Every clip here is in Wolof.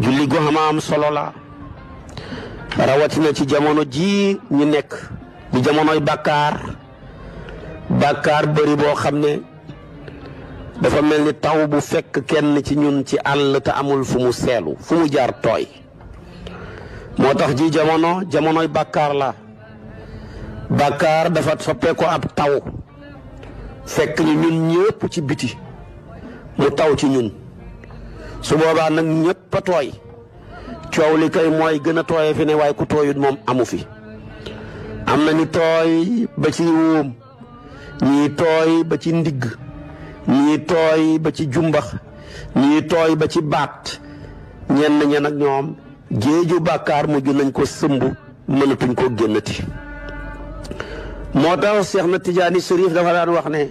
julli gu xama am solo la rawatina ci jamono jii ñu nekk di jamonoy bàkkaar bàkkaar bëri boo xam ne dafa mel ni taw bu fekk kenn ci ñun ci àll te amul fu mu seelu fu mu jaar tooy moo tax ji jamono jamonoy bàkkaar la bàkkaar dafa soppee ko ab taw fekk ñu ñun ñëpp ci biti mu taw ci ñun su boobaa nag ñëpp a tooy coow li kay mooy gën a tooyee fi ne waaye ku tooyut moom amu fi am na ñu tooy ba ci wóom ñii tooy ba ci ndigg ñii tooy ba ci jumbax ñii tooy ba ci baat ñenn ña nag ñoom géeju bàkkaar mujj nañ ko sëmb mënatuñ koo génnati moo tax Seex na Tijaani Sariif dafa daan wax ne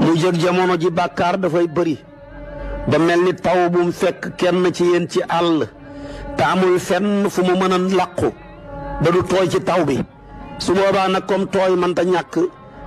mu jëg jamono ji bàkkaar dafay bëri da mel ni taw bu mu fekk kenn ci yéen ci àll te amul fenn fu mu mën a làqu ba du tooy ci taw bi su na nag comme tooy ta ñàkk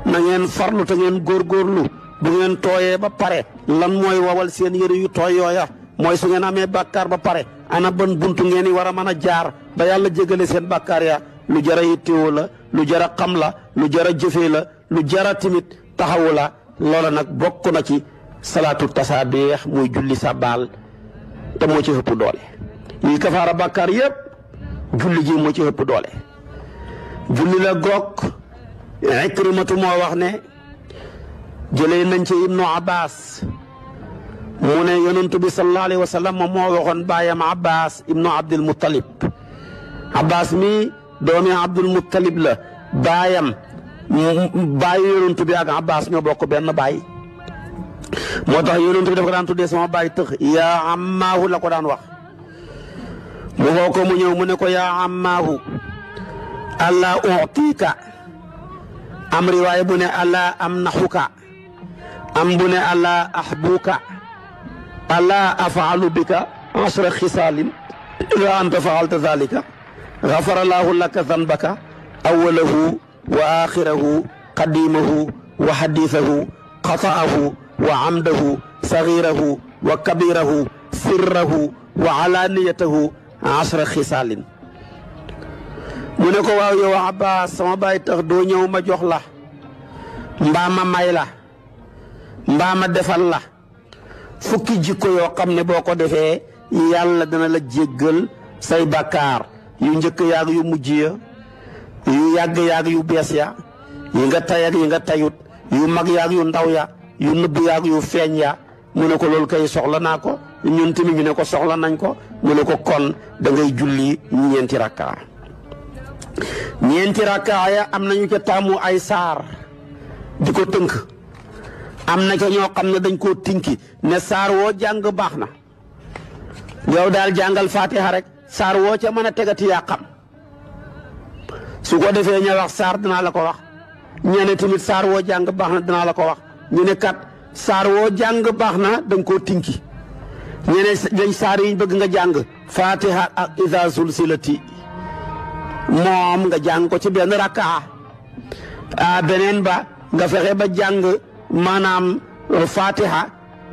na ngeen farlu te ngeen góorgóorlu bu ngeen tooyee ba pare lan mooy wawal seen yére yu tooy yooya mooy su ngeen amee bàkkaar ba pare ana ban bunt ngeen i war a mën a jaar ba yàlla jégale seen bàkkaar ya lu jara yittewoo la lu jara xam la lu jara jëfee la lu jara timit taxawu la loola nag bokk na ci salaatu tasaabeex muy julli sa te moo ci ëpp doole ñuy kafaara bàkkaar yépp julli ji moo ci ëpp doole julli la goog ikrimatu moo wax ne jëlee nañ ci ibnu abbas mu ne yonent bi sallallahu moom moo waxoon baayam abbas ibnu abdul muttalib abbas mi doomi abdul muttalib la baayam baayu yonent bi ak abbas ñoo bokk benn baay motax yoonentou dafa daan tuddé sama baye tax ya amahu la ko daan wax mu woo ko mu ñëw mu ne ko ya amahu alla u'tika am riwaya bu ne alla amnahuka am bu ne alla ahbuka alla af'alu bika asra xisaalin ila anta faalta dalika غفر الله لك ذنبك أوله وآخره قديمه وحديثه قطعه wa amdahu saxiirahu wa kabirahu sirrahu wa alaaniyatahu asra xisaalin mu ne ko waaw yow Abbas sama baay tax doo ñëw ma jox la mbaa ma may la mbaa ma defal la fukki jikko yoo xam ne boo ko defee yàlla dana la jéggal say bàkkaar yu njëkk yaag yu mujj ya yu yàgg yaag yu bees ya yi nga tay yi nga tayut yu mag yaag yu ndaw ya yu nëbb yaag yu feeñ ya mu ne ko loolu kay soxla nako ñun timi ñu ne ko soxla nañ ko mu ne ko kon da ngay julli ñenti rakkaa ñenti rakkaa ya am nañu ci tamu ay sar diko teunk am na ca dañ ko tinki ne sar wo jang baxna yow dal jangal fatiha rek sar wo ci tegati ya xam su ko defé ñu wax sar dina la ko wax ñene sar wo jang baxna dina la ko wax ñene kat sar wo jang baxna dang ko tinki ñene dañ sar yi bëgg nga jang fatiha ak iza sulsilati mom nga jang ko ci ben rakkaa a benen ba nga fexé ba jang manam fatiha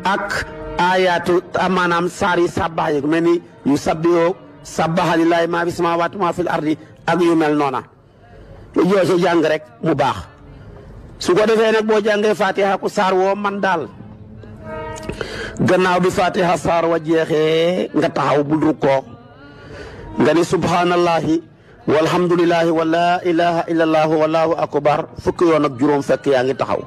ak ayatu manam sari yi sàbbax yi mel yu sabbiyoo sàbbaxa lillahi ma fi ma fil ardi ak yu mel nona yo ca jang rek mu bax su ko defé nak bo jangé fatiha ku sar wo man dal gannaaw bi fatiha sar wa jexé nga taxaw bul rukkoo nga ni subhanallahi walhamdulillahi wa la ilaha illallah wallahu akbar fuk yoon ak juroom fekk yaangi taxaw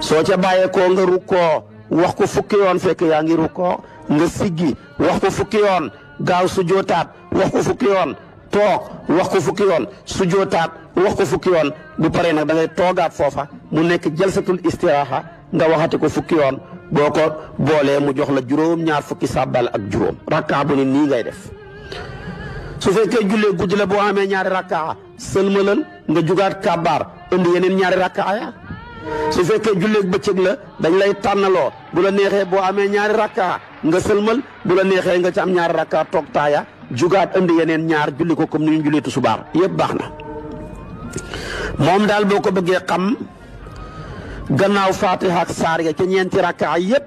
so ca ko nga rukkoo wax ko fuk yoon fekk yaangi ngi nga siggi wax ko fuk yoon gaaw wax ko fuk yoon tok wax ko fukki yon sujootaat wax ko fukki yon bu pare nak da ngay toogaat fofa mu nek jalsatul istiraha nga waxati ko fukki yon boko bolé mu jox la juróom ñaar fukki sabbal ak juróom rak'a bu ni nii ngay def su fekke jullee guddi la boo amee ñaari rak'a selmalal nga jugaat kabar indi yenen ñaari rak'a ya su la dañ lay tanalo bu la nexé bo amé ñaari rak'a nga selmal bu la nexé nga ci am ñaari rak'a tok taaya jugaat ënd yeneen ñaar julli ko comme ñu julli subaar yépp baax na mom dal boko bëgge xam gannaaw fatiha ak saar ya ca ñeenti rakkaa yépp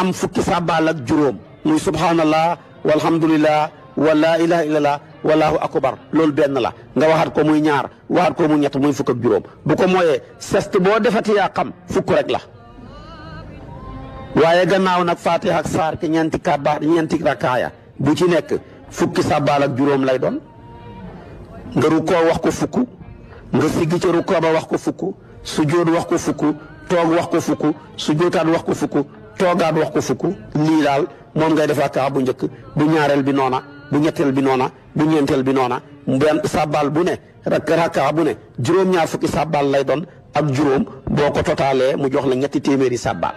am fukki sabbal ak juroom muy subhanallah walhamdulillah wa la ilaha illallah wallahu akbar lol ben la nga waxat ko muy ñaar waxat ko mu ñett muy fukk ak juroom bu ko moye sest bo defati ya xam fukk rek la waye gannaaw nak fatih ak sar ki ñanti kaba ñanti rakaya bu ci nek fukki sabbal ak juroom lay doon nga ko wax ko fukku nga ci ru ko ba wax ko fukku sujjóot wax ko fukku tok wax ko fukk sujjóotaat wax ko fukku wax ko fukku li dal mom ngay defa ka bu ñeuk bu ñaarel bi nona bu ñettel bi nona bu ñentel bi nona ben sabbal bu ne rak bu ne juroom ñaar fukki sabbal lay doon ak juroom boko totale mu jox la ñetti téméri sabbal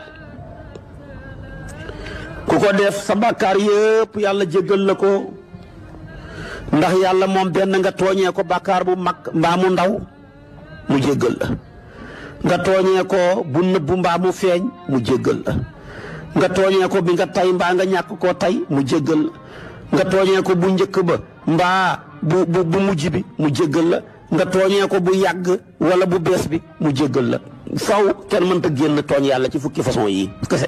ku ko def sa bàkkaar yëpp yàlla jéggal la ko ndax yàlla moom benn nga tooñee ko bàkkaar bu mag mbaa mu ndaw mu jéggal la nga tooñee ko bu nëbbu mbaa mu feeñ mu jéggal nga tooñee ko bi nga tay mbaa nga ñàkk ko tey mu jéggal nga tooñee ko bu njëkk ba mbaa bu mujj bi mu jéggal la nga tooñee ko bu yàgg wala bu bees bi mu jéggal la faw kenn mënta génn tooñ yàlla ci fukki façon yi kese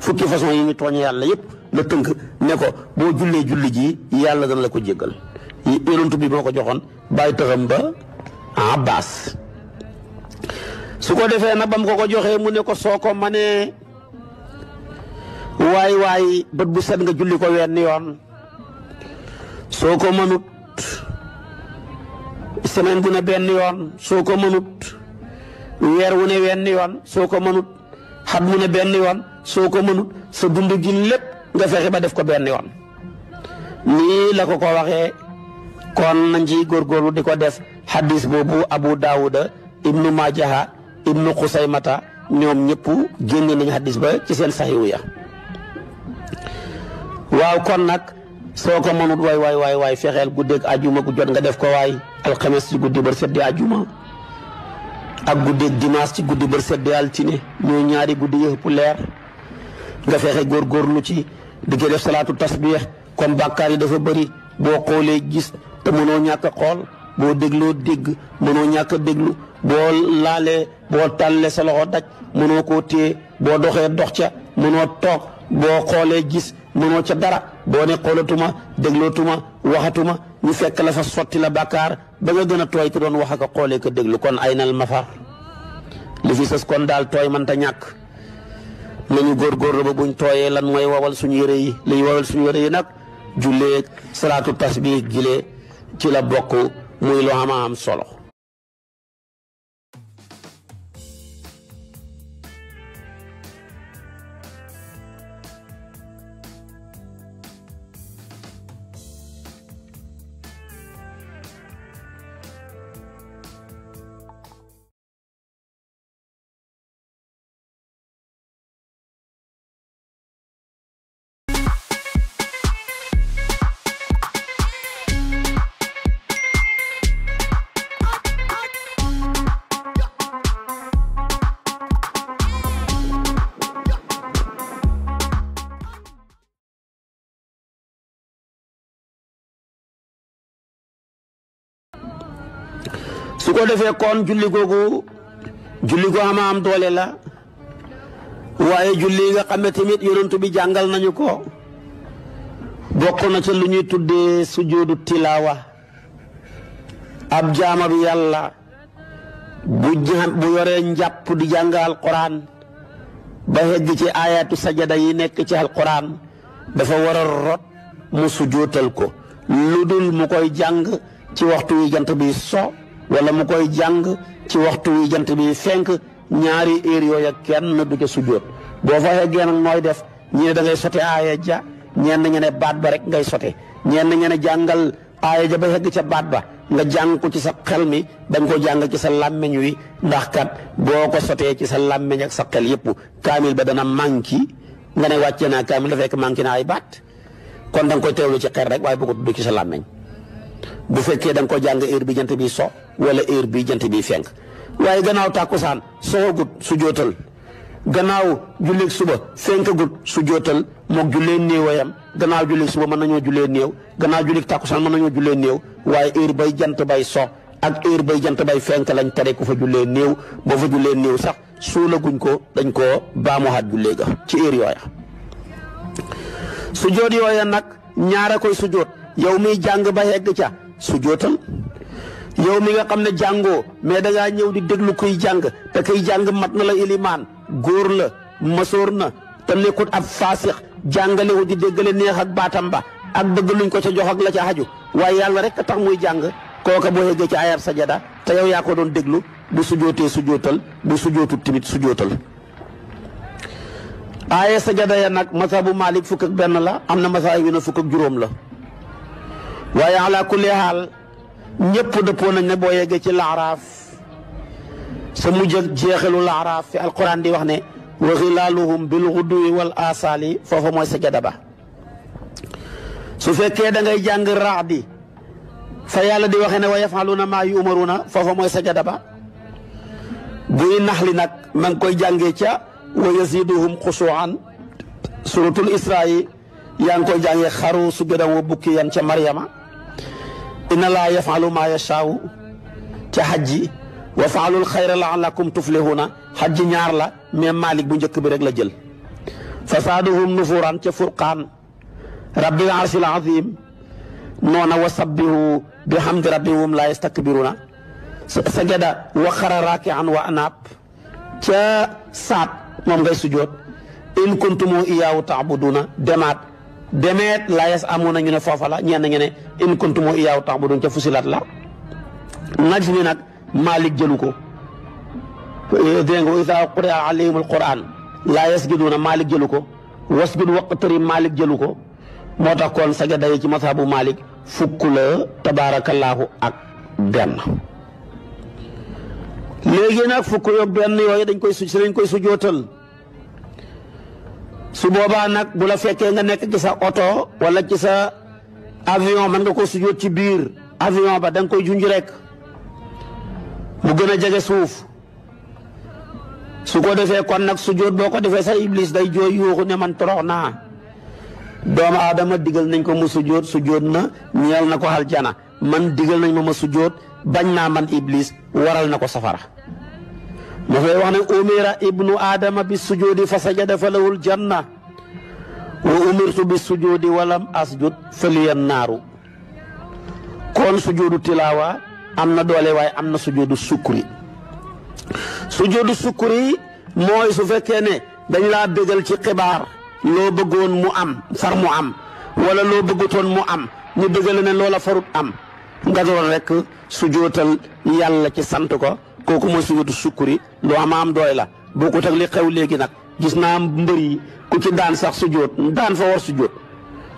fukki façon yi ñu tooñ yàlla yépp la tënk ne ko boo jullee julli ji yàlla dana la ko jéggal yonent bi moo ko joxoon bàyyi tëxam ba Abbas su ko defee na bam ko ko joxee mu ne ko soo ko manee waay waay bët bu set nga julli ko wenn yoon soo ko mënut semaine bu ne benn yoon soo ko mënut weer wu ne wenn yoon soo ko mënut xat mu ne benn yoon soo ko mënut sa dund gi lépp nga fexe ba def ko benn yoon nii la ko ko waxee kon nañ ci góorgóorlu di ko def xadis boobu abu daawuda ibnu majaha ibnu mata ñoom ñëpp génne nañ xadis ba ci seen saxiwu ya waaw kon nag soo ko mënut waay waay waay waay fexeel guddeeg ajuma gu jot nga def ko waay alxames ci guddi ba seddi ajuma ak guddeeg dimanche ci guddi bër ci altine ñooy ñaari guddi yëpp leer nga fexe góorgóorlu ci di ko def salaatu tasbiix comme bàkkaar yi dafa bëri boo xoolee gis te mënoo ñàkk xool boo dégloo dégg mënoo ñàkk a déglu boo laalee boo tàllee sa loxo daj mënoo ko téye boo doxee dox ca mënoo toog boo xoolee gis mënoo ca dara boo ne xoolatuma déglootuma waxatuma ñu fekk la fa sotti la bakkaar ba nga gën a tooy te doon wax ak a xoolee ko déglu kon ay nal mafar li fi sës kon daal tooy mënta ñàkk góor góorgóorlu ba buñ tooyee lan mooy wawal suñu yére yi lañu ñu wawal suñu yére yi nag julleeg salaatu tasbih gilee ci la bokk muy lu ama am solo ko defé kon julli googu julli go am am dole la waye julli nga xamé tamit bi jangal nañu ko bokko na ci luñuy tuddé tuddee sujoodu tilaawa ab jaama bi yalla bu bu yoré njapp di jangal alquran ba hegg ci ayatu sajada yi nek ci alquran dafa wara rot mu sujootal ko ludul mu koy jang ci waxtu yi jant bi so wala mu koy jàng ci waxtu wi jant bi fenk ñaari heure yooya kenn du ca sujjóot boo fa yeggee nag nooy def ñi ne da ngay sote aaya ja ñeen ña ne baat ba rek ngay sote ñeen ña ne jàngal aaya ja ba yegg ca baat ba nga jàng ko ci sa xel mi da nga jàng ci sa làmmiñ wi ndax kat boo ko sotee ci sa làmmiñ ak sa xel yëpp kaamil ba dana manki nga ne wàcce naa kaamil dafa fekk manki na ay baat kon da nga koy teewlu ci xel rek waaye bu ko tudd ci sa làmmiñ bu fekkee da ko jàng heure bi jant bi so wala heure bi jant bi fenk waaye gannaaw tàkkusaan soxagut su jootal gannaaw julleeg suba fenkagut su jootal moog jullee néewayam gannaaw julleeg suba mën nañoo jullee néew gannaaw julleeg tàkkusaan mën nañoo jullee néew waaye heure bay jant bay so ak heure bay jant bay fenk lañ tere ku fa jullee néew boo fa jullee néew sax suulaguñ ko dañ koo baamuwaat jullee ga ci heure yooya su joot yooya nag ñaara koy su yow miy jàng ba yegg sujootal yow mi nga xam ne jàngoo mais da ñëw di déglu kuy jàng te kuy jàng mat na la ilimaan góor la masoor na te nekkut ab faasix jàngalewu di déggale neex ak baatam ba ak bëgg luñ ko ca jox ak la ca xaju waaye yàlla rek tax muy jàng kooka boo yeggee ci ayab sajada te yow yaa ko doon déglu bu sujootee sujootal bu sujootut tamit sujootal aaya sajada ya nag bu Malik fukk ak benn la am na masaa yu ne fukk ak juróom la waaye ala kulli xaal ñëpp dëppoo nañ ne boo yeggee ci laaraaf sa mujj ak jeexalu laaraaf fi alquran di wax ne wa xilaaluhum bil xuduwi wal asaali foofa mooy sajada ba su fekkee da ngay jàng raax fa yàlla di waxee ne wa yafaluuna maa yuumaruuna foofa mooy sajada ba buy nax li nag ma ngi koy jàngee ca wa yaziduhum xusuan suratul israa yi yaa ngi koy jàngee xaru su gëdam wa bukki yan ca maryama inna laa yafalu maa yashaau ca xaj ji wa faalul xayra laallakum tuflihuna xaj ji ñaar la mais Malik bu njëkk bi rek la jël fasaaduhum nufuran ca furqaan rabbil arshil azim noona wa sabbihu bi hamdi rabbihum laa yastakbiruna sajada wa xara raakian wa anaab ca saat moom ngay sujoot in kuntumu iyaawu taabuduna demaat demeet layes amoon na ñu ne foofa la ñenn ñu ne in kuntumu iyaahu ta'budun ca fusilat la najm mi nag Maalik jëlu ko eh, dégg nga wa izaa quri'a alayhimul qur'aan laa yasjuduuna Maalik jëlu ko wasjud waqtarib Maalik jëlu ko moo tax kon sajada yi ci mazhabu Maalik fukk la tabaarakallaahu ak benn léegi nag fukk yoog benn yooyu dañ koy su si lañ koy su boba nak bu la fekke nga nek ci sa auto wala ci sa avion man nga ko sujjo ci bir avion ba dang koy junj rek mu gëna suuf su ko defé kon nak sujjo ko sa iblis day joy yu ne man toroxna doom doomu digal nañ ko mu sujjo sujjo na ñeel nako hal jana man digal nañ ma ma sujjo bañ na man iblis waral nako safara dafay wax ne umira ibnu aadama bi sujudi fa sajada fa lahul janna wa umirtu bi sujudi walam asjud fa liyan naaru kon sujudu tilaawa am na doole waaye am na sujudu sukkuri sujudu sukkuri mooy su fekkee ne dañ laa bégal ci xibaar loo bëggoon mu am far mu am walla loo bëggatoon mu am mu bëggale ne loola farut am nga doon rekk sujootal yàlla ci sant ko kooku mooy suñatu sukkuri lu amaam am la boo ko teg li xew léegi nag gis naa mbër yi ku ci daan sax su jóot daan fa war su jóot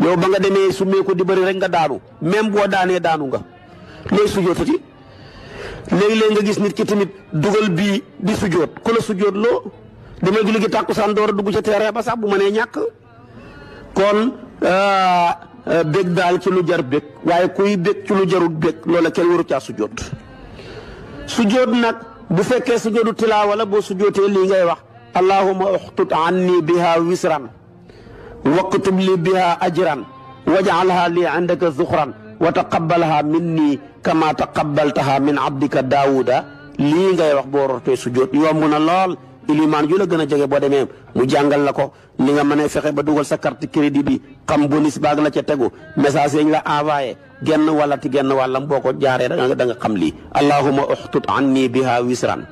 yow ba nga demee su meeku di bëri rek nga daanu même boo daanee daanu nga looy su jóotati léegi-léegi nga gis nit ki tamit dugal bii di su jóot ku la su jóot loo damay julli gi tàkkusaan door a dugg ci terrain ba sax bu mënee ñàkk kon ah, bég daal ci lu jar bég waaye kuy bég ci lu jarut bég loola kenn waru caa su sujjóot nag bu fekkee sujjóotu tilaawa wala boo sujjóotee lii ngay wax allahuma uxtut anni biha wisran waktub li biha ajran waj'alha li indaka zuxran wa taqabbalha minni kama taqabbaltaha min abdika daawuda lii ngay wax boo rotee sujjóot yomb na lool ilimaan ju la gën a jege boo demee mu jàngal la ko li nga mën fexe ba dugal sa carte crédit bi xam bonus baag la ca tegu message yi la envoyé genn wala ti genn walam boko jaaré da nga da nga xam li allahumma uhtut anni biha wisran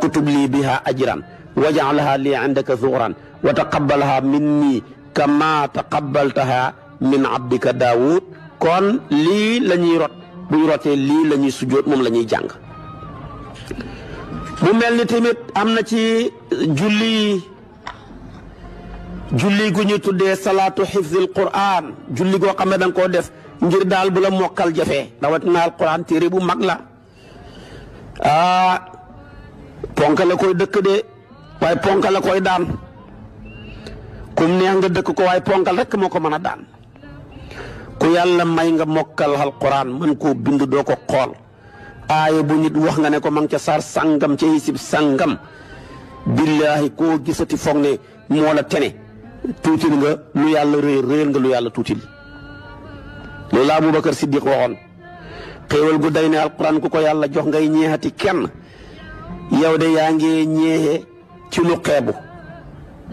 kutub li biha ajran waj'alha li 'indaka zuhran wa taqabbalha minni kama taqabbaltaha min 'abdika daud kon li lañuy rot bu roté li lañuy sujjoot mom lañuy jang bu melni timit amna ci julli julli guñu tuddé salatu hifzil quran julli go xamé dang ko def ngir daal bu la mokkal jafee rawatina alquran téere bu mag la ah ponk la koy dëkk de waaye ponk la koy daan kum neex nga dëkk ko waaye ponkal rek moo ko mën a daan ku yàlla may nga mokkal alquran mën koo bind doo ko xool aaya bu nit wax nga ne ko ma ngi ca saar sàngam ca hisib sàngam billaahi ko gisati foog ne moo la tene tuutil nga lu yàlla réer réer nga lu yàlla tuutil loolu la Aboubacar Siddiq waxoon xéewal gu day ne alquran ku ko yàlla jox ngay ñeexati kenn yow de yaa ngi ñeexe ci lu xeebu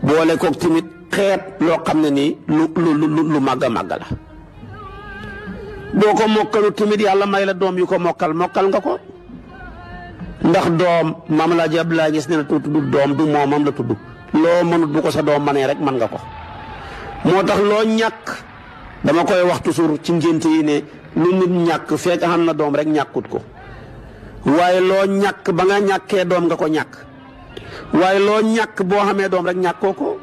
boole koog tamit xeeb loo xam ne nii lu lu lu màgg a la. boo ko mokkalu tamit yàlla may la doom yu ko mokkal mokkal nga ko ndax doom maam laa jab laa gis ne la tudd doom du moomam la tudd loo mënut bu ko sa doom manee rek mën nga ko moo tax loo ñàkk. dama koy wax toujours ci ngénte yi ne lu nit ñak fekk xam na doom rek ñakut ko waye lo ñak ba nga ñaké dom nga ko ñak waye lo ñak bo xamé dom rek ñak koko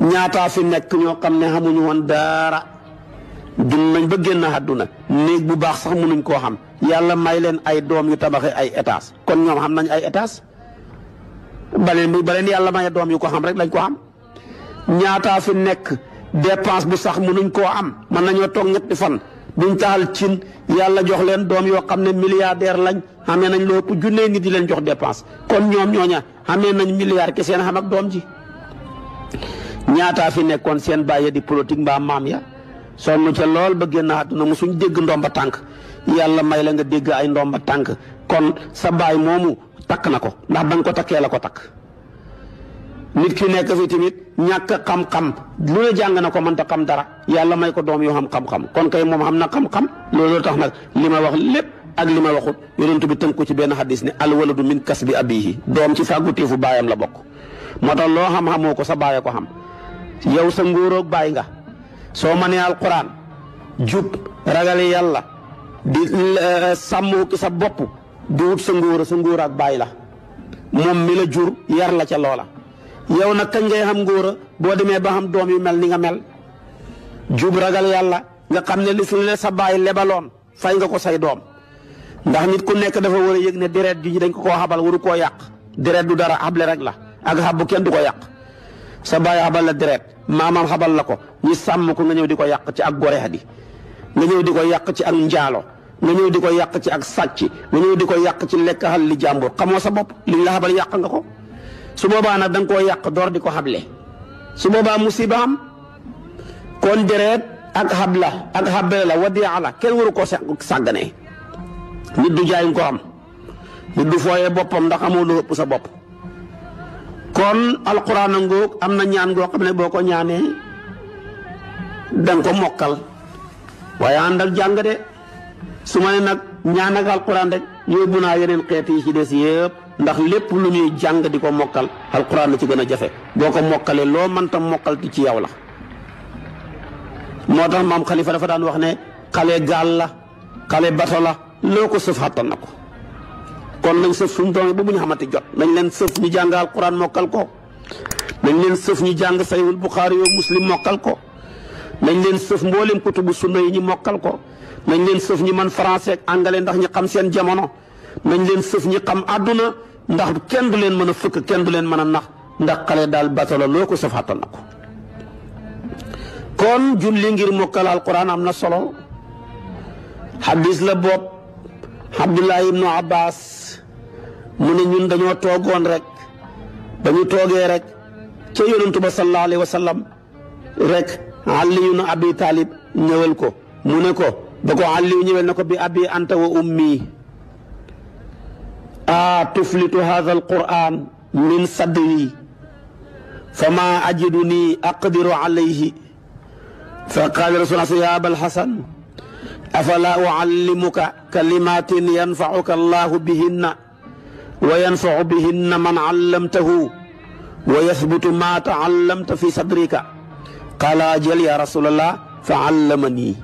ñaata fi nek ño xamné xamuñu won dara dum nañ ba haduna neeg bu baax sax mënuñ ko xam yalla may leen ay dom yu tabaxé ay étage kon ñom xam nañ ay étage balen bu baleen yàlla maye yu ko xam rek lañ ko xam ñaata fi nek dépense bu sax mënuñ ko am mën nañoo toog ñetti fan buñ taal cin yalla jox leen doom yo xamne ne milliardaire lañ amé nañ lo ko jundé ngi di leen jox dépense kon ñom ñoña amé nañ milliard ke seen xam ak doom ji ñaata fi nekkon seen baye di politique ba mam ya sonu ci lol ba génn àdduna mu suñ dégg ndomba tank yalla may la nga dégg ay ndomba tank kon sa baye momu tak nako ko ndax bañ ko takké la ko nit ku nekk fi tamit ñàkk xam-xam lu ne jàng na ko ta xam dara yàlla may ko doom yoo xam xam-xam kon kay moom xam na xam-xam loolu tax nag li ma wax lépp ak li ma waxut yonent bi tënk ko ci benn xadis ne al waladu min kasbi abihi doom ci fàggu teefu baayam la bokk moo tax loo xam-xamoo ko sa baay ko xam yow sa nguuroog baay nga soo mënee alquran jub ragali yàlla di sàmm ki sa bopp di wut sa nguur ak baay la moom mi la jur yar la ca loola. yow nak kañ ngay xam ngóora bo demé ba xam dom yu mel ni nga mel djub ragal yalla nga xam li su le sa bàyyi lebaloon fay nga ko say dom ndax nit ku nek dafa wara yegne deret ji dañ ko ko xabal waru ko yak deret du dara xable rek la ak habu ken du ko yak sa bàyyi xabal la deret mamam xabal la ko ñu ko nga ñew diko yak ci ak gore hadi nga ñew diko yak ci ak njaalo nga ñew diko yak ci ak sàcc nga ñew diko yak ci lek hal li jambo xamoo sa bop li la xabal yak nga ko su boba nag dang ko yak dor diko di su boba musiba am kon dereet ak habla ak xabale la wadiya la waru ko sagane nit du jaay am nit du foye bopam ndax amo lo sa bop kon alquran ngoog amna ñaan go xamne boko ñaané dang ko mokal waaye andal jangade suma alquran rek yobuna yeneen ci dess yeb ndax lepp lu ñuy jang diko mokal alquran ci gëna jafé jafe mokalé lo man tam mokal ci ci yaw la motax mam khalifa dafa daan wax né xalé gal la xalé bato la loko ko hatta nako kon nañ suf suñ doon bu ñu xamati jot nañ leen sëf ñu jang alquran mokal ko nañ leen ñu jang bukhari yo muslim mokal ko nañ leen kutubusunai mbolim kutubu sunna yi ñi mokal ko nañ leen sëf ñi man français ak anglais ndax ñi xam seen jamono nañ leen sëf ñi xam àdduna ndax kenn du leen mën a fëkk kenn du leen mën a nax ndax xale daal batala loo ko sëf àttal na ko kon julli ngir mokkal alquran am na solo xadis la bopp Abdullah ibnu Abbas mu ne ñun dañoo toogoon rek ba ñu toogee rek ca yonantu ba sallallahu alayhi wa sallam rek Aliyun Abi Talib ñëwal ko mu ne ko ba ko Aliyu ñëwal na ko bi abi anta wa ummi تفلت هذا القرآن من صدري فما أجدني أقدر عليه فقال رسول الله يا أبا الحسن أفلا أعلمك كلمات ينفعك الله بهن وينفع بهن من علمته ويثبت ما تعلمت في صدرك قال أجل يا رسول الله فعلمني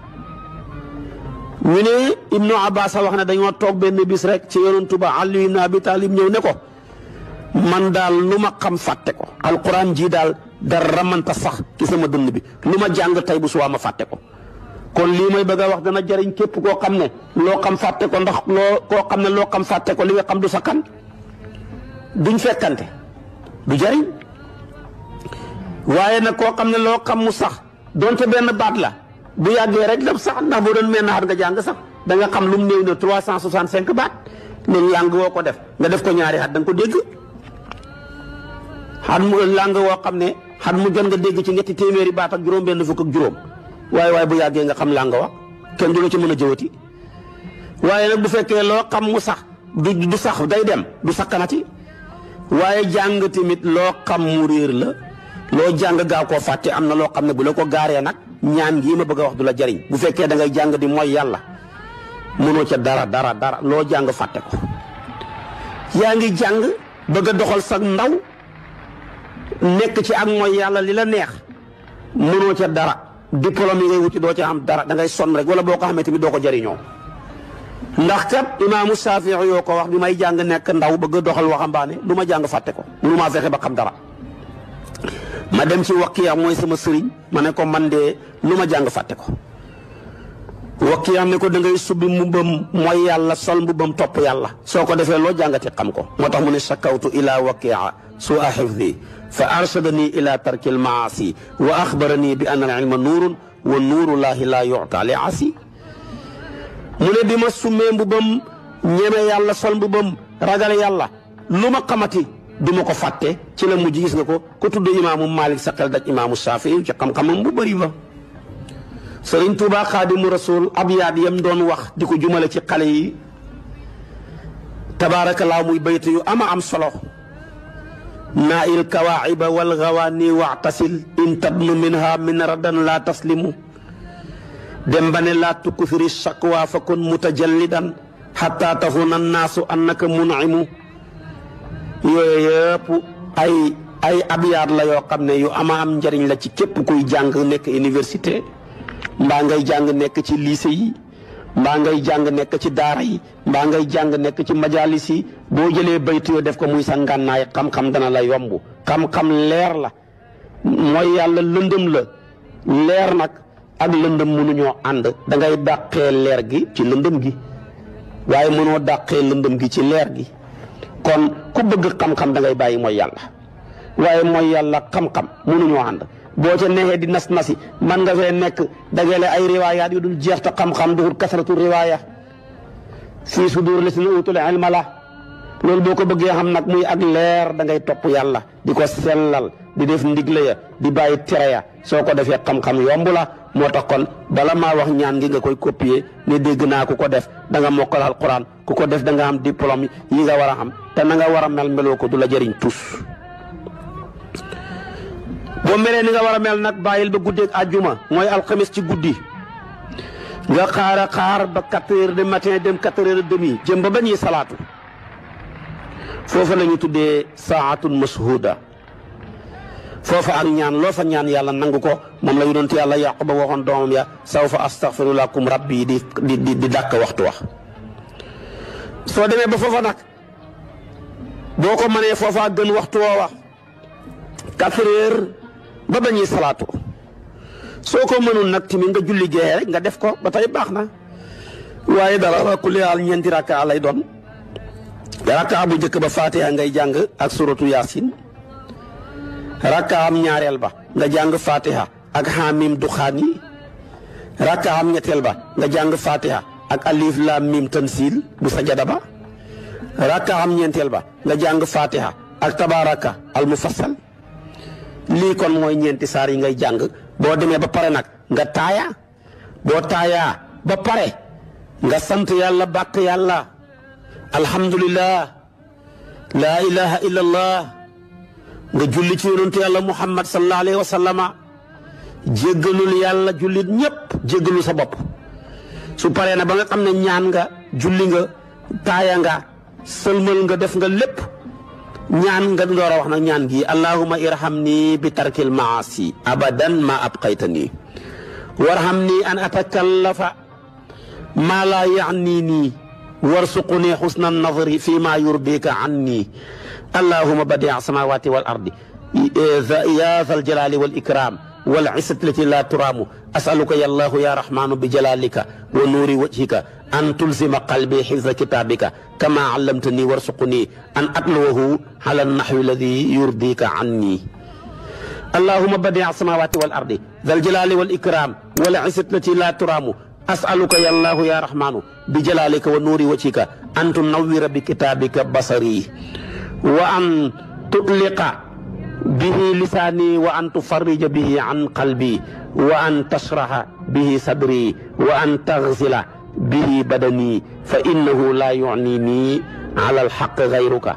ñu ibnu abbas wax na dañu tok ben bis rek ci yonentu ba ali ibn abi talib ñew ne ko man dal luma xam fatte ko alquran ji dal dar ramanta sax ci sama dund bi luma jang tay bu suwama fatte ko kon li may bëgg wax dana jariñ kep ko xamne lo xam fatte ko ndax lo ko xamne lo xam fatte ko li nga xam du sa kan duñ fekkante du jariñ waye nak ko xamne lo xam mu sax donte ben bat la bu yàggee rek la sax ndax boo doon menn xat nga jàng sax danga xam lu mu néew ne trois cent soixante cinq baat ne làng woo ko def nga def ko ñaari xat danga ko dégg xat mu làng woo xam ne xat mu jot nga dégg ci ñetti téeméeri baat ak juróom benn fukk ak juróom waaye waaye bu nga xam làng kenn du la ci mën a jëwati waaye nag bu fekkee loo xam mu sax du du sax day dem du sakkanati waaye jàng tamit loo xam mu réer la loo jàng gaaw koo fàtte am na loo xam ne bu la ko gaaree nag ñaan gii ma bëgg a wax du la jariñ bu fekkee da ngay jàng di mooy yàlla mënoo ca dara dara dara loo jàng fàtte ko yaa ngi jàng bëgg a doxal sag ndaw nekk ci ak mooy yàlla li la neex mënoo ca dara diplôme yi ngay wuti doo ca am dara da ngay sonn rek wala boo ko xamee tamit doo ko jariñoo ndax kat imaamu Saafi'i yoo ko wax bi may jàng nekk ndaw bëgg doxal waxambaane lu ma jàng fàtte ko mënu maa fexe ba xam dara ma dem ci waqiya moy sama komande ma ko man de luma jang jàng ko waqiya ne ko da ngay subbi mbubam moy yalla sol mbubam ko defee loo xam ko motax muné shakawtu ila waqiya su a fa arshadni ila terkilmaasi, maasi wa akhbarani bi anna al-ilma nurun, wa nuru lahi la yuta li asi mu bima sumé ma summee mbubam sol ragal yalla luma xamati du ko fàtte ci la mujj gis nga ko ko tudd imaamu Malik sa xel daj imaamu Saafi ci xam-xamam bu bëri ba Sëriñ Tuubaa Xaadimu Rasuul ab yaat yam doon wax di ko jumale ci xale yi tabaarakallaa muy bayt yu ama am solo naa'il kawaaciba wal gawaani waxtasil in tabnu minha min radan laa taslimu dem ba ne laa shakwa fa kun mutajallidan xatta taxuna annaasu annaka mun'imu yooyu yëpp ay ay abiyaat la yoo xam ne yu ama am njëriñ la ci képp kuy jàng nekk université mbaa ngay jàng nekk ci lycée yi mbaa ngay jàng nekk ci daara yi mbaa ngay jàng nekk ci majalis yi boo jëlee baytu yoo def ko muy sa ngànnaay xam-xam dana la yomb xam-xam leer la mooy yàlla lëndëm la leer nag ak lëndëm mënuñoo ànd da ngay dàqee leer gi ci lëndëm gi waaye mënoo dàqee lëndëm gi ci leer gi kon ku bëgg xam-xam da ngay bàyyi mooy yàlla waaye mooy yàlla xam-xam mënuñoo ànd boo ca di nas nasi man nga fee nekk dagale ay riwaayaat yu dul jeex te xam-xam duhul kasratu riwaaya fi sudur la utul ilma la loolu boo ko bëggee xam nag muy ak leer da ngay topp yàlla di ko sellal di def ndigle ya di bàyyi tere ya soo ko defee xam-xam yomb la moo tax kon bala maa wax ñaan gi nga koy copier ne dégg naa ku ko def da nga mokkal alquran ku ko def da nga am diplôme yi nga war am te na nga war a mel meloo ko du la tus boo melee ni nga war a mel nag bàyyil ba guddeeg àjjuma mooy alxamis ci guddi nga xaar xaar ba quatre heures de matin dem quatre heures de demi jëm ba ba ñuy salaatu foofa la saatun mashuda foofa ak ñaan loo fa ñaan yàlla nangu ko moom la yonent yàlla yaquba waxoon doomam ya sawfa astaghfiru lakum rabbi di di di dàkk waxtu wax soo demee ba foofa nag boko mané fofa gën waxtu salatu. 4 heures ba bañi salatu soko mënul nak timi nga julli jé rek nga def ko ba tey baax dara la kulli al ñenti Raka lay doon rakka bu jëk ba fatiha ngay jang ak suratu yasin raka am ñaarel ba nga jang fatiha ak hamim duxaan yi am ñettel ba nga jang fatiha ak alif lam mim tansil bu sajada ba raka am ñentel ba nga jang fatiha ak tabaraka al mufassal li kon moy ñenti sar yi ngay jang bo deme ba pare nak nga taya bo taya ba pare nga sant yalla bak yalla alhamdulillah la ilaha illa allah nga julli ci yalla muhammad sallallahu alaihi wasallam sallama yalla julit jullit ñépp sa bop su paree na ba nga xam ñaan nga julli nga taya nga sëlmal nga def nga lépp ñaan nga door a wax nag ñaan gi allahuma irham nii bi tarkil maasi abadan ma abqayta nii warham nii an atakallafa ma laa yaanii nii warsuquni xusna nadri fi ma yurbika an nii allahuma badi'a samawati wal ardi ya zal jalali wal ikram والعزة التي لا ترام أسألك يا الله يا رحمن بجلالك ونور وجهك أن تلزم قلبي حفظ كتابك كما علمتني وارزقني أن أتلوه على النحو الذي يرضيك عني اللهم بدع السماوات والأرض ذا الجلال والإكرام والعزة التي لا ترام أسألك يا الله يا رحمن بجلالك ونور وجهك أن تنور بكتابك بصري وأن تطلق bihi lisani wa an tufarrija bihi an qalbi wa an tashraha bihi sadri wa an taghsila bihi badani fa innahu la yu'nini ala alhaq ghayruka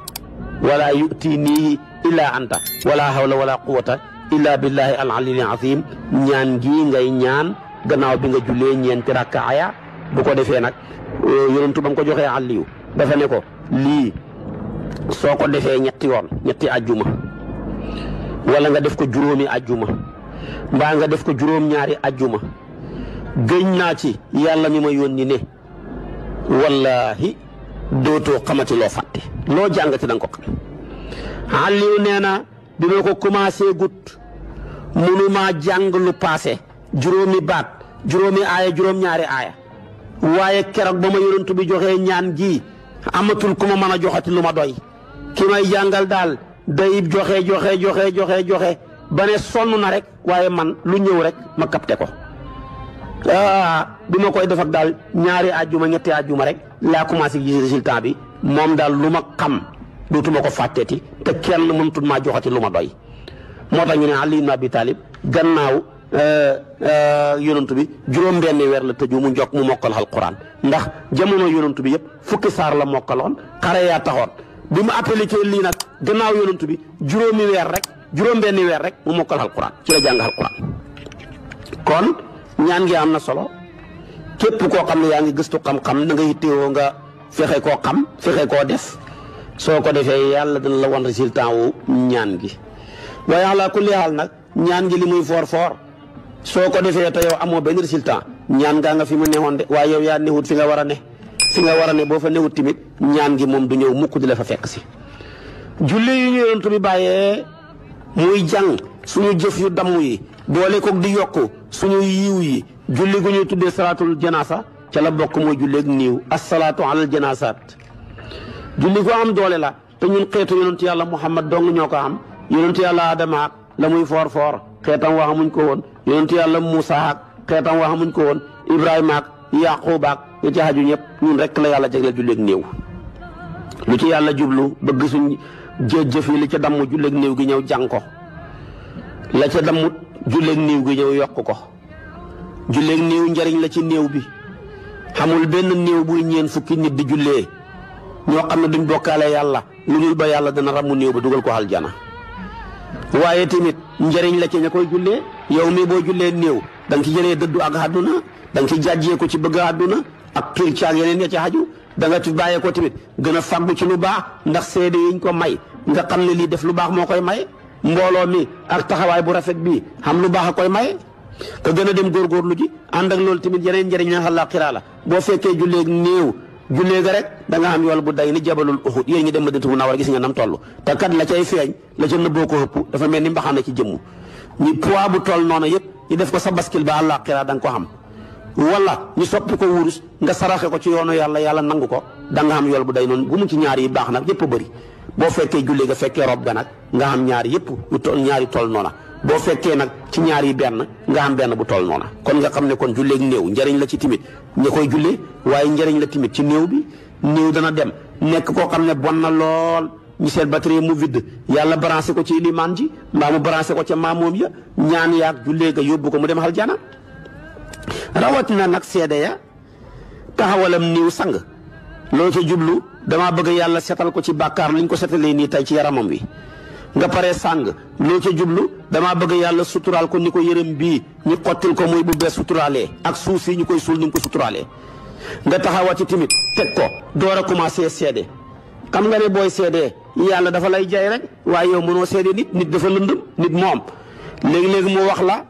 wa la yu'tini illa anta wa la hawla wa quwwata illa billahi al-aliyyil azim ñaan gi ngay ñaan gannaaw bi nga julé ñent rak'aya bu ko defé nak e, yonentu bam ko joxé aliyu dafa ne ko li soko defé ñetti yoon ñetti aljuma wala nga def ko juróomi ajjuma mbaa nga def ko juróom-ñaari ajjuma gëñ naa ci yàlla mi ma yónni ne wallaahi dootoo xamati loo fàtte loo jàngati da nga ko xam Aliou nee na bi ma ko commencé gut mënumaa jàng lu paase juróomi baat juróomi aaya juróom-ñaari aaya waaye keroog ba ma yonent bi joxee ñaan gi amatul ku ma mën a joxati lu ma doy ki jàngal daal day joxe joxe joxe joxe joxe ba ne sonn na rek waaye man lu ñëw rek ma capté ko ah bi ma koy def daal ñaari àjjuma ñetti ajuma rek laa commencé gis résultat bi moom daal lu ma xam dootuma ko fàtteeti te kenn mënut maa joxati lu ma doy. moo tax ñu ne Ali ibn Abi Talib gannaaw eh, eh, yonantu bi juróom-benni weer la tëju mu njokk mu mokkal alquran ndax jamono yonantu bi yëpp fukki saar la mokkaloon xare yaa taxoon. bima mu appliqué lii nag gannaaw yonantu bi juróomi weer rek juróom benni weer rek mu mokkal alquran ci la kon ñaan gi solo képp koo xam ne yaa ngi gëstu xam-xam da nga yittewoo nga fexe koo xam fexe koo def soo ko defee yàlla dana la wan résultat wu ñaan gi waaye ala kulli haal nag ñaan gi li for foor foor soo ko defee te résultat ñaan nga fi mu de yow fi nga war a ne boo fa newut timit ñaan gi mom du ñew mukk di la fa fekk ci julli yu ñu yonent bi baye muy jang suñu jëf yu damu yi boole ko di yok suñu yiw yi julli gu ñu tuddé salatul janasa ci la bokk ak niw as-salatu alal janasat julli ko am doole la te ñun xéetu yalla muhammad dong ñoko am yonent yalla adama la muy for for xéetam waxamuñ ko won yonent yalla musa xéetam waxamuñ ko won ibrahima ak ñu ci xaju ñëpp ñun rek la yàlla jagleel julleeg néew lu ci yàlla jublu bëgg suñ jëf yi li ca damm julleeg néew gi ñëw jàng la ca dammut julleeg néew gi ñëw yokk ko julleeg néew njariñ la ci néew bi xamul benn néew buy ñeen fukki nit di ne duñ bokkaale yàlla lu dul ba yàlla dana ramu néew ba dugal ko aljana waaye tamit njëriñ la ci ña koy jullee yow mi boo jullee néew da nga ci jëlee dëddu ak àdduna da ci jàjjee ko ci bëgg àdduna ak pir ak yeneen ya ci xaju danga nga ci bàyyee ko tamit gën a fàggu ci lu baax ndax seede yiñ ko may nga xam ne lii def lu baax moo koy may mbooloo mi ak taxawaay bu rafet bii xam lu baax a koy may ka gën a dem lu ji ànd ak loolu tamit yeneen njëriñ la xalaa xiraa la boo fekkee julleeg néew jullee ga rek da nga am yool bu day ni jabalul uxud yéen ñi dem ma dintumu nawar gis nga nam toll te kat la cay feeñ la ca nëbboo ko xëpp dafa mel ni mbaxam na ci jëmm ñi poids bu toll noonu yëpp ñu def ko sa baskil ba àllaa xiraa da nga ko xam wala ñu soppi ko wurus nga saraxe ko ci yoonu yàlla yàlla nangu ko danga am yool bu day noonu bu mu ci ñaar yi baax nag yëpp a bëri boo fekkee julli nga fekkee rob ga nag nga am ñaar yëpp yu tol ñaari toll noona boo fekkee nag ci ñaar yi benn nga am benn bu toll noona kon nga xam ne kon julleeg néew njariñ la ci timit ña koy jullee waaye njariñ la timit ci néew bi néew dana dem nekk koo xam ne bon na lool ñu seen batterie mu vidd yàlla branché ko ci limaan ji mu branché ko ca maamoom ya ñaan yaag jullee yóbbu ko mu dem aljana rawatina nag seede ya taxawalam niw sang loo ca jublu damaa bëgg yàlla setal ko ci bàkkaar liñ ko setalee nii tey ci yaramam wi nga pare sàng loo ca jublu damaa bëgg yàlla suturaal ko ni ko yërëm bii ñu xottil ko muy bu bees suturaalee ak suuf si ñu koy suul ni ñu ko suturaalee nga ci timit teg ko door a commencé seede kam nga ne booy seede yàlla dafa lay jaay rek waaye yow mënoo seede nit nit dafa lëndëm nit moom léegi-léegi mu wax la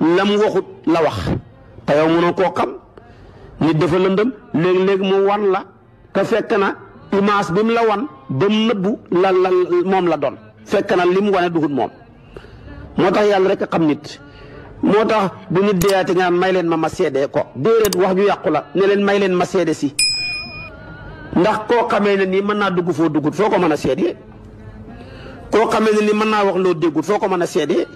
lam waxut la wax te yow mënoo koo xam nit dafa lëndëm léeg-léeg mu wan la te fekk na image bi mu la wan ba mu nëbbu la la moom la doon fekk na li mu wane duhut moom moo tax yàlla rek a xam nit moo tax bu nit deeyaate nga may leen ma ma seede ko déedéet wax ju yàqu la ne leen may leen ma seede si ndax koo xamee ne nii mën naa dugg foo duggut foo ko mën a seede koo xamee ne nii mën naa wax loo déggut foo ko mën a seede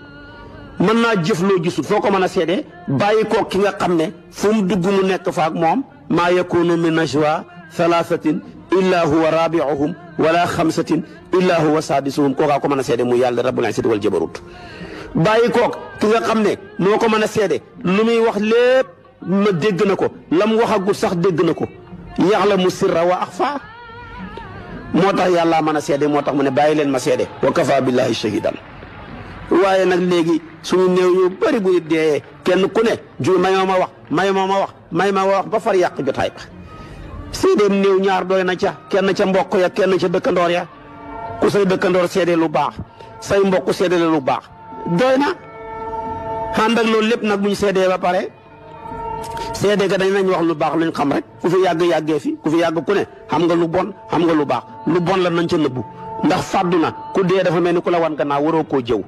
mën naa jëf loo gisul foko ko sédé bayiko ki nga xamné fu mu dugg mu nekk fa ak mom ma yakunu min najwa thalathatin illa huwa rabiuhum wala khamsatin illa huwa sadisuhum kookaa ko mën sédé mu yàlla rabbul izzati wal jabarut bayiko ki nga xamné ne moo sédé mën lu muy wax lépp ma dégg na ko lam waxagul sax dégg nako ko sirra wa akhfa motax yalla yàllaa sédé motax mu ne bàyyi ma sédé wa kafa billahi shahidan waaye nag léegi suñu néew yu bëri bu ñu kenn ku ne ju mayoo ma wax mayoo ma wax may ma wax ba far yàq jotaay ba seedeem néew ñaar doy na ca kenn ca mbokk ya kenn ca dëkkandoor ya ku say dëkkandoor seede lu baax say mbokk seede lu baax doy na ànd ak loolu lépp nag bu ñu seedee ba pare seede ga dañ nañ wax lu baax luñ xam rek ku fi yàgg yàggee fi ku fi yàgg ku ne xam nga lu bon xam nga lu baax lu bon la nañ ca nëbbu ndax fàddu na ku dee dafa mel ni ku la wan gannaaw waroo koo jëw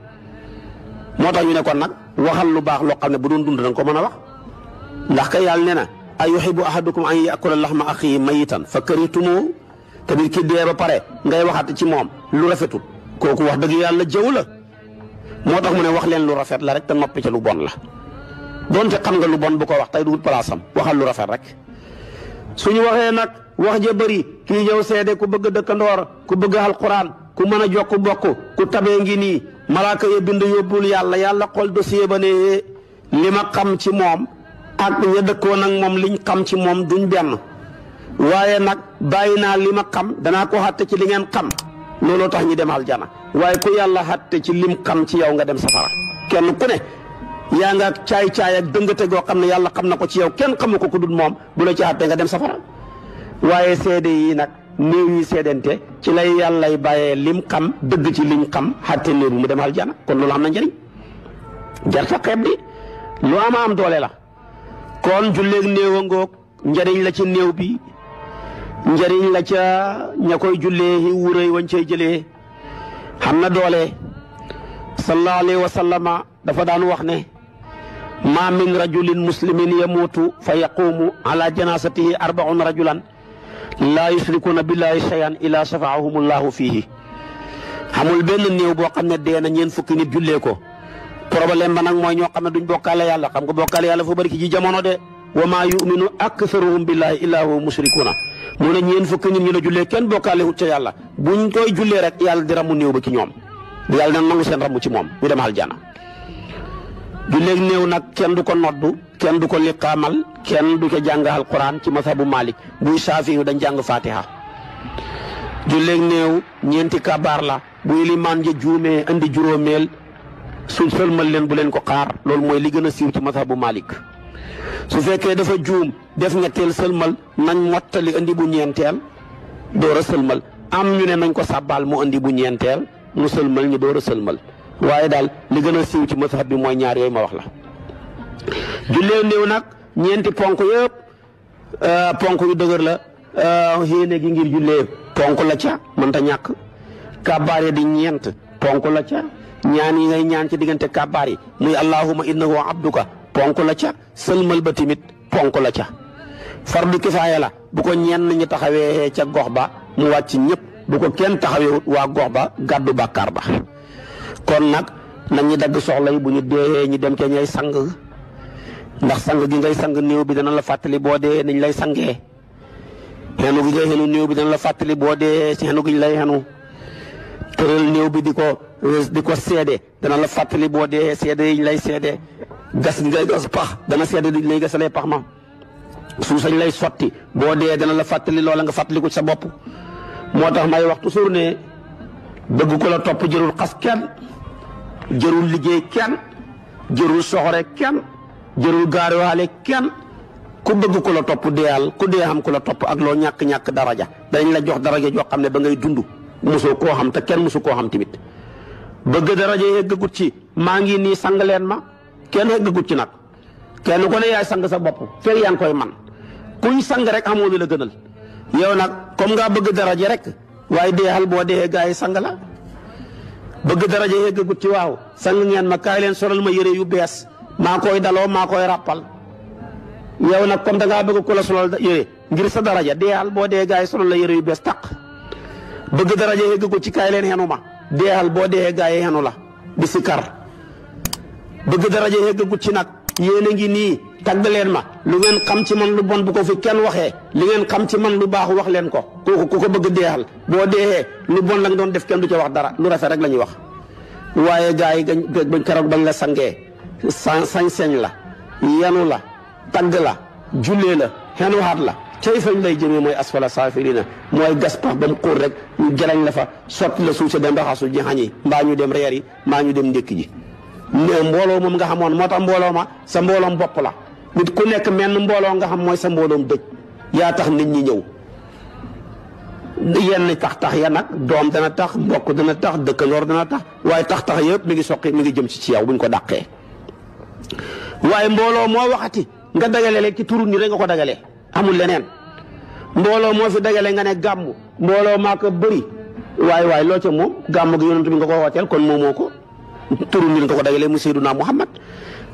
motax ñu ne kon nak waxal lu baax lo xamne bu doon dund dang ko mëna wax ndax ka yalla neena ayuhibbu ahadukum an ya'kula lahma akhihi mayitan fakaritumu tabir ki dee ba pare ngay waxat ci mom lu rafetul koku wax deug yalla jew la motax mu ne wax len lu rafet la rek te noppi ci lu bon la donte xam nga lu bon bu ko wax tay du place am waxal lu rafet rek suñu waxe nak wax je bëri ki ñëw sédé ku bëgg ndor ku bëgg alquran ku mëna jokk bokku ku tabé ngi ni malaaka ya bind yóbbul yàlla yàlla xool dossier ba ne li ma xam ci moom ak ña dëkkoon ak moom liñ xam ci moom duñ benn waaye nag bàyyi naa li ma xam danaa ko xatte ci li ngeen xam looloo tax ñi dem aljana waaye ku yàlla ci lim xam ci yow nga dem safara kenn ku ne yaa nga caay-caay ak dëngate goo xam ne yàlla xam na ko ci yow kenn xamu ko ku dul moom bu la ci xatte nga dem safara waaye seede yi nag néew yi seedante ci lay yàllay bàyyee lim xam dëgg ci lim xam xatte néew bi mu dem aljana kon loolu am na njëriñ jarta doole la kon julleeg néew a ngoog la ci néew bi njëriñ la ca ña koy jullee yi wuréy wañ cay jëlee xam na doole sallallahu alayhi wa dafa daan wax ne ma min rajulin muslimin yamuutu fa yaqumu ala janasatihi arbaun rajulan laa yusrikuuna billaahi shay'an illaa shafaahumullaahu fiihi amul benn néew boo xam ne dee na ñeent fukki nit jullee ko problème ba nag mooy ñoo xam ne duñ bokkaale yàlla xam nga bokkaale yàlla foo bari ci jamono de wa maa ak aktharuhum billaahi illaa hum musrikuuna mu ne ñeent fukki nit ñu la jullee kenn bokkaale wut yàlla buñ koy jullee rek yàlla di ramu néew ba ci ñoom yàlla na nangu seen ramu ci moom ñu dem aljana julleeg néew nag kenn du ko noddu kenn du ko liqaamal kenn du ko jàng alquran ci bu Malik buy saafiyu dañ jàng fatiha julleeg néew ñeenti kabar la buy limaan ja juumee andi juróomeel su sëlmal leen bu leen ko xaar loolu mooy li gën a siiw ci bu Malik su fekkee dafa juum def ñetteel sëlmal nañ mottali indi bu ñeenteel door a sëlmal am ñu ne nañ ko sàbbaal mu indi bu ñeenteel mu sëlmal ñu door sëlmal waaye daal li gën a siiw ci mazhab bi mooy ñaar yooyu ma wax la jullee néew nag ñeenti ponk yëpp euh, ponk yu dëgër la euh, xéene gi ngir jullee ponk la ca mënta ñàkk kàbbaar di ñeent ponk la ca ñaan yi ngay ñaan ci diggante kàbbaar yi muy allahuma innahu abduka ponk la ca sëlmal ba timit ponk la ca fardu kifaaya la bu ko ñenn ñu taxawee ca gox ba mu wàcc ñëpp bu ko kenn taxawewut waa gox ba gàddu bàkkaar ba kon nag nañu dagg soxla yi bu ñu déé ñi dem ca ñay sang ndax sang gi ngay sang neew bi dana la fatali bo dé niñ lay sangé xenu gi ngay xenu neew bi dana la fatali bo dé ci xenu lay xenu tëral neew bi diko dana la fatali bo dé sédé yi lay sédé gas gi ngay gas pax dana sédé di lay gasalé pax ma sañ lay soti bo dé dana la fatali loola nga fàttaliku sa bop motax may waxtu surné bëgg ko la top jërul jërul liggéey kenn jërul soxore kenn jërul gaariwaale kenn ku bëgg ku la topp deyal ku dee xam ku la topp ak loo ñàkk-ñàkk daraja dañ la jox daraja joo xam ne ba ngay dund mosoo koo xam te kenn mosu koo xam tamit bëgg daraja yeggagut ci maa ngi nii sang leen ma kenn yeggagut ci nag kenn ku ne yaay sang sa bopp fekk yaa ngi koy man kuñ sang rek xamoo bi la gënal yow nag comme ngaa bëgg daraja rek waaye deexal boo dee gaa yi sang la bëgg yegg yeggagut ci waaw sang ngeen ma kay leen soral ma yere yu bes ma koy dalo ma koy rappal yow nak comme da nga bëgg ku la solal yere ngir sa ja deyal bo de gaay solal la yere yu bes tak bëgg yegg yeggagut ci kay leen henuma deyal bo de gaay henu la di si kar bëgg yegg ci nak yeena ngi ni tagg leen ma lu ngeen xam ci man lu bon bu ko fi kenn waxee li ngeen xam ci man lu baax wax leen ko kooku ku ko bëgg deexal boo deexee lu bon la nga doon def kenn du ci wax dara lu rafet rek la ñuy wax waaye gars bañ keroog bañ la sangee sañ-sañ la yanu la tagg la jullee la xenu xaat la cay fañ lay jëmee mooy asfala safirina mooy gas pax ba mu xóor rek ñu jarañ la fa sotti la suuf dem raxasu ji mbaa ñu dem reer yi mbaa ñu dem ndékki ji mbooloo moom nga xamoon moo tax ma sa mbooloom bopp la nit ku nekk menn mbooloo nga xam mooy sa mbooloom dëj yaa tax nit ñi ñëw yenn tax tax ya nag doom dana tax mbokk dana tax dëkkandoor dana tax waaye tax tax yëpp mi ngi soqi mi ngi jëm si ci yaw buñ ko daqee waaye mbooloo moo waxati nga dagale leen ci turu nii rek nga ko dagalee amul leneen mbooloo moo fi dagale nga ne gàmm mbooloo maa ko bëri waaye waaye loo ca moom gàmm gi yonent bi nga ko wooteel kon moomoo ko turu nii nga ko dagalee mu Seydunaa Muhammad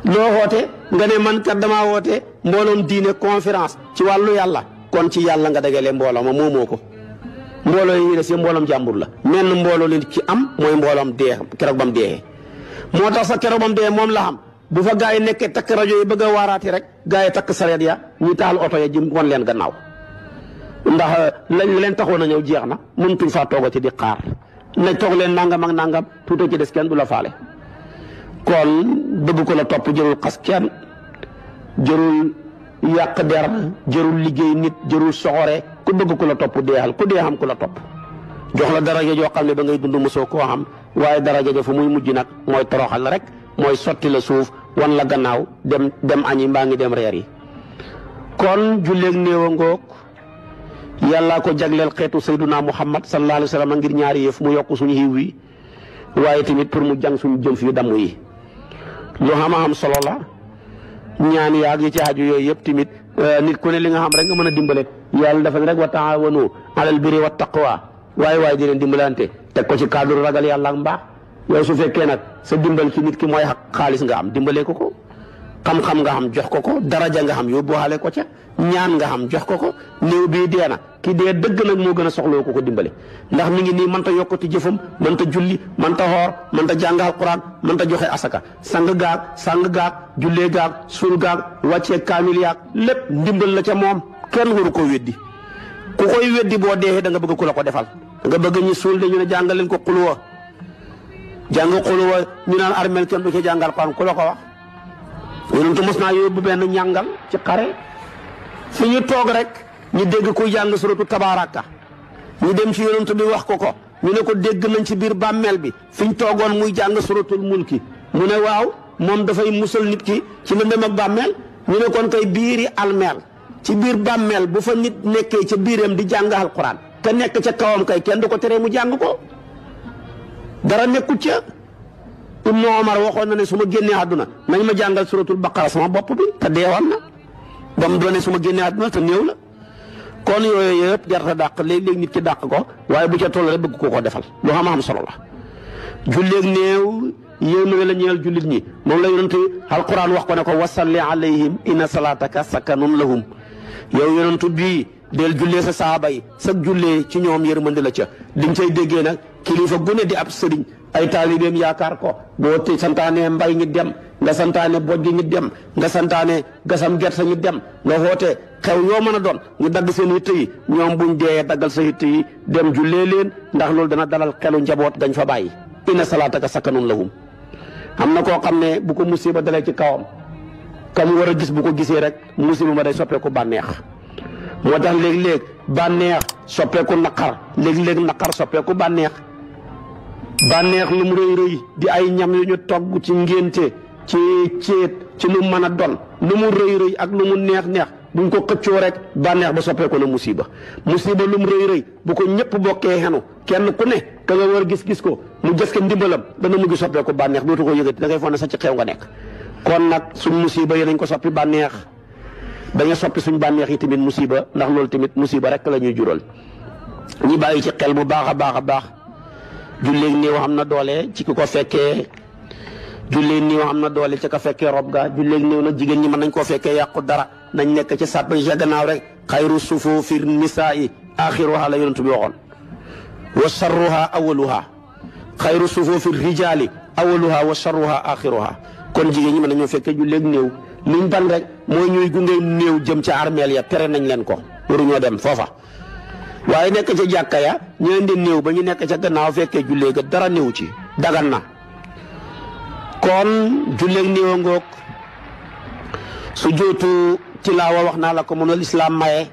loo xoote nga ne man kat dama woote mbooloom diine conférence ci wàllu yàlla kon ci yàlla nga leen mbooloo ma moomoo ko mbooloo yi ñu mbooloom jàmbur la menn mbooloo li ci am mooy mbooloom dee keroog bam dee moo tax sa keroog bam dee moom la xam bu fa gaa yi nekkee takk rajo yi bëgg a waaraati rek gaa yi takk sareet ya ñu taal oto ya jëm won leen gannaaw ndax euh, lañ leen taxoon a ñëw jeex na mëntuñ faa ci di xaar na toog leen nangam nangam tuuti ci des kenn du la faale. kon debu ko la top jeul xaskian jeul jërul der jeul liggey nit jeul soxore ku debu ko la top deexal ku dee ko la top jox la daraja jo xamne da ngay dund muso ko xam waye jo fu muy mujj nak moy toroxal rek moy soti la suuf wan la gannaaw dem dem añi dem reer yi kon julleeg néewa ngok yalla ko jaglel xetu sayyiduna muhammad sallallahu alaihi wasallam sallam ngir ñaari yef mu yok suñu hiwi waye timit pour mu jang suñu jëm fi damu yi lu xam am solo la ñaan yaag yi ci aju yooyu yëpp tamit euh, nit ku ne li nga xam rek nga mën a dimbale yàlla dafa ne rek wa taawanu alal biri wa taqwa waaye waaye di leen dimbalante teg ko ci cadre ragal yàlla ak mbaax yow su fekkee nag sa dimbal ci nit ki mooy xaalis nga am dimbale ko ko. Kam-kam nga xam jox ko ko daraja nga xam yóbbuwaale ko ca ñaan nga xam jox ko ko new bi deena Lah ki de deug nak mo gëna soxlo ko ko dimbalé ndax mi ngi ta man ta julli xor man ta jàng alquran ta joxe asaka sang sanggegak, sang ga jullee ga sul ga wàccee kamil yaag lepp dimbal la ca mom kenn waru ko weddi ku koy weddi bo deexee da nga bëgg ku la ko defal nga bëgg ñu sul de ñu ne jàngaleen ko qulwa jàng qulwa ñu naan armel kenn du ci jàngal alquran ku la ko wax yonentu mos naa yóbbu benn ñàngal ci xare fu ñu toog rek ñu dégg kuy jàng suratu tabaaraka ñu dem ci yonentu bi wax ko ko ñu ne ko dégg nañ ci biir bàmmeel bi fi ñu toogoon muy jàng suratul mulki mu ne waaw moom dafay musal nit ki ci lëndëm ak bàmmeel ñu ne kon biir yi almeel ci biir bàmmeel bu fa nit nekkee ca biiram di jàng alquran te nekk ca kawam kay kenn du ko teree mu jàng ko dara nekkut ca Ibnu Omar waxoon na ne su ma génnee àdduna nañ ma jàngal suratul baqara sama bopp bi te deewoon na ba mu doone su ma génnee àdduna te néew la kon yooyu yëpp jarta dàq léeg-léeg nit ki dàq ko waaye bu ca toll rek koo ko defal lu xam solo la. julleeg néew yéen la ñeel jullit ñi moom la yonent alquran wax ko ne ko wasalli alayhim inna salaataka sakanun lahum yow yonent bii del jullee sa saaba yi sag jullee ci ñoom yërmande la ca diñ cay déggee nag kilifa gune di ab sëriñ. ay taalibeem yaakaar ko boo santaane mbay ñi dem nga santaane gi ñi dem nga santaane gasam gerte ñi dem nga xoote xew yoo mën a doon ñu dagg seen yitte yi ñoom buñ dee daggal sa yitte yi dem jullee leen ndax loolu dana dalal xelu njaboot gañ fa bàyyi inna salaataka sakanun lahum am na koo xam ne bu ko musiba dalee ci kawam kam war a gis bu ko gisee rek musiba ma day soppeeku bànneex moo tax léeg-léeg bànneex soppeeku naqar léeg-léeg naqar soppeeku bànneex banex lu di ay ñam yu ñu togg ci ngenté ci ciet ci lu mëna don lu mu rëy rëy ak lu mu neex neex buñ ko xëccu rek banex ba soppé ko na musiba musiba lu mu rëy rëy bu ko ñëpp bokké xenu kenn ku ne ka nga war gis-gis ko mu jës ke ndimbalam na mu gi soppé ko bànneex dootu ko yëgëti da ngay sa ci xew nga nekk kon nak suñ musiba yi ko soppi dañu soppi suñ banex yi timit musiba ndax lool timit musiba rek lañuy jural ñi bayyi ci xel bu baaxa baaxa baax julleeg nii wax am na doole ci ki ko fekkee julleeg nii wax am na doole ci ko fekkee rob ga julleeg nii nag jigéen ñi mën nañ koo fekkee yàqu dara nañ nekk ci sàpp ja gannaaw rek xayru sufuufi nisaa'i axiruha la yonent bi waxoon wa charruha awaluha xayru sufuufi rijaali awaluha wa charruha kon jigéen ñi mën nañoo fekkee julleeg néew liñ ban rek mooy ñuy gunge néew jëm ca armeel ya tere nañ leen ko waruñoo dem foofa waaye nekk ci jàkka ya ñu indi néew ba ñu nekk ca gannaaw fekkee jullee ga dara néew ci dagan na kon julleeg néew a ngoog su jootu tilaawa wax naa la ko moom la lislaam maye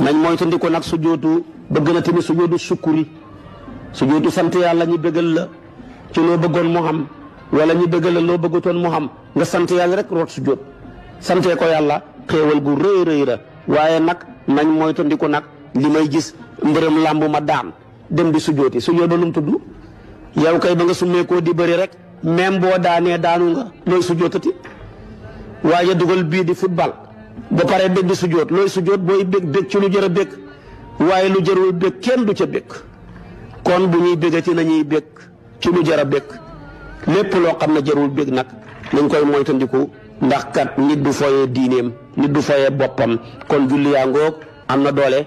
nañ moytandi ko nag su jootu bëgg na tamit su jootu sukkuri su sant yàlla ñu bëggal la ci loo bëggoon mu am wala ñu bëggal la loo bëggatoon mu am nga sant yàlla rek root su santee ko yàlla xéewal gu rëy rëy la waaye nag nañ moytandi ko nag limay gis mbeureum madam ma daan dem di sujooti sujoo do lum tuddu yow kay ba nga ko di bëri rek même bo daané daanu nga loy sujootati dugal bi di football ba paré bég di sujoot loy sujoot boy bég bég ci lu jëra a bég lu jërul bég kenn du ci bég kon bu ñuy bégati nañuy bég ci lu jëra a lepp lo xamna xam ne nak bég koy moytandiku ndax kat nit du nit du bopam kon julliya ngok amna